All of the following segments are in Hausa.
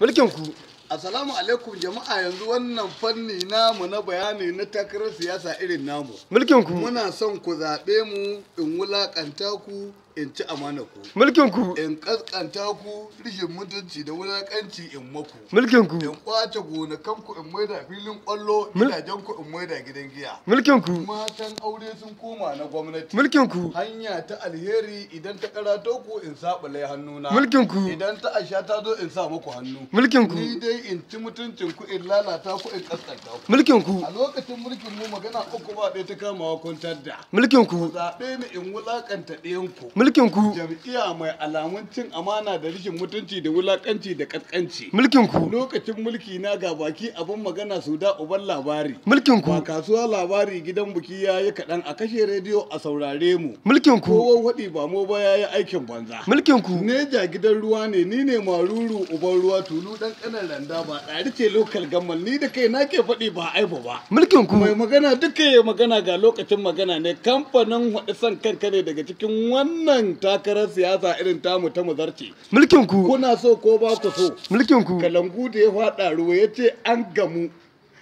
Mulkin ku. Assalamu alaikum jama'a yanzu wannan fanni namu na bayani na takarar siyasa irin namu. Mulkin ku. Muna son ku zaɓe mu in wulaƙanta ku in ci amana ku mulkin ku in kaskanta ku rishin mutunci da wulakanci in maku mulkin ku in kwace gonakan ku in maida filin kwallo jan ku in maida gidan giya mulkin ku matan aure sun koma na gwamnati mulkin ku hanya ta alheri idan ta karato ku in lai hannuna mulkin ku idan ta asha ta zo in sa muku hannu mulkin ku ni dai in ci mutuncin ku in lalata ku in kaskanta ku mulkin ku a lokacin mulkin mu magana uku ba ɗaya ta kamawa kwantar da mulkin ku zaɓe ni in wulakanta ɗayan ku mulkin ku jam'iyya mai alamun cin amana da rikin mutunci da wulakanci da katkanci mulkin ku lokacin mulki na ga baki abin magana su da uban labari mulkin ku ba kasuwa labari gidan buki yi kaɗan a kashe rediyo a saurare mu mulkin ku kowa waɗi ba mu ba ya yi aikin banza mulkin ku ne ja gidan ruwa ne ni ne maruru uban ruwa tulu dan kanan randa ba ɗari ce lokal gammal ni da kai nake ke faɗi ba aibu ba mulkin ku mai magana duka magana ga lokacin magana ne kamfanin waɗi son kanka ne daga cikin wannan wannan takarar siyasa irin tamu ta muzarce mulkin ku kuna so ko ba ku so mulkin ku kalangu da ya faɗa ruwa ya ce an gamu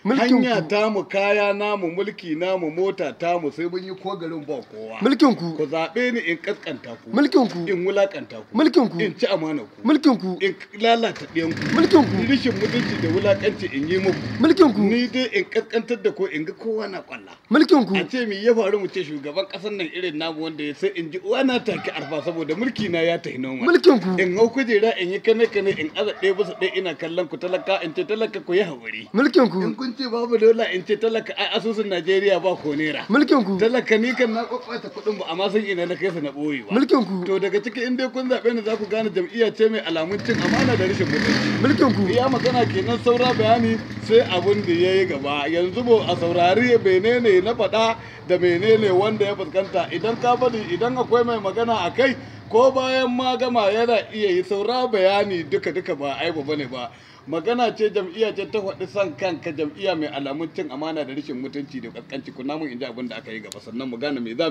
mulkin hanya mu kaya namu mulki namu mota mu sai mun yi kogarin ba kowa mulkin ku ku zabe ni in kaskanta ku mulkin ku in wulakanta ku mulkin ku in ci amana ku mulkin ku in lalata ɗiyan ku mulkin ku rishin mutunci da wulakanci in yi muku mulkin ku ni dai in kaskantar da ko in ga kowa na kwalla mulkin ku a ce me ya faru mu ce shugaban kasar nan irin namu wanda ya sai in ji uwa na take arfa saboda mulki na ya tahi noma mulkin ku in hau kujera in yi kane kane in aza ɗaya bisa ɗaya ina kallon ku talaka in ce talaka ku yi haƙuri mulkin ku sun ce babu dola in ce talaka a asusun Najeriya ba ko naira. Mulkin ku. Talaka ni kan na kwakwata kuɗin ba amma san ina na kai su na ɓoye ba. Mulkin ku. To daga ciki in dai kun zaɓe ni za ku gane jam'iyya ce mai alamun cin amana da rashin mutunci. Mulkin ku. Iya magana kenan saura bayani sai abun da ya yi gaba yanzu bo a saurari menene na faɗa da menene wanda ya fuskanta idan ka bari idan akwai mai magana a kai ko bayan ma gama yana iya yi saura bayani duka-duka ba aibu bane ba magana ce jam'iya ce ta faɗi san kanka jam'iyya mai alamun cin amana da rashin mutunci da kaskanci kuna mun inji abin da aka yi gaba sannan mu gane me za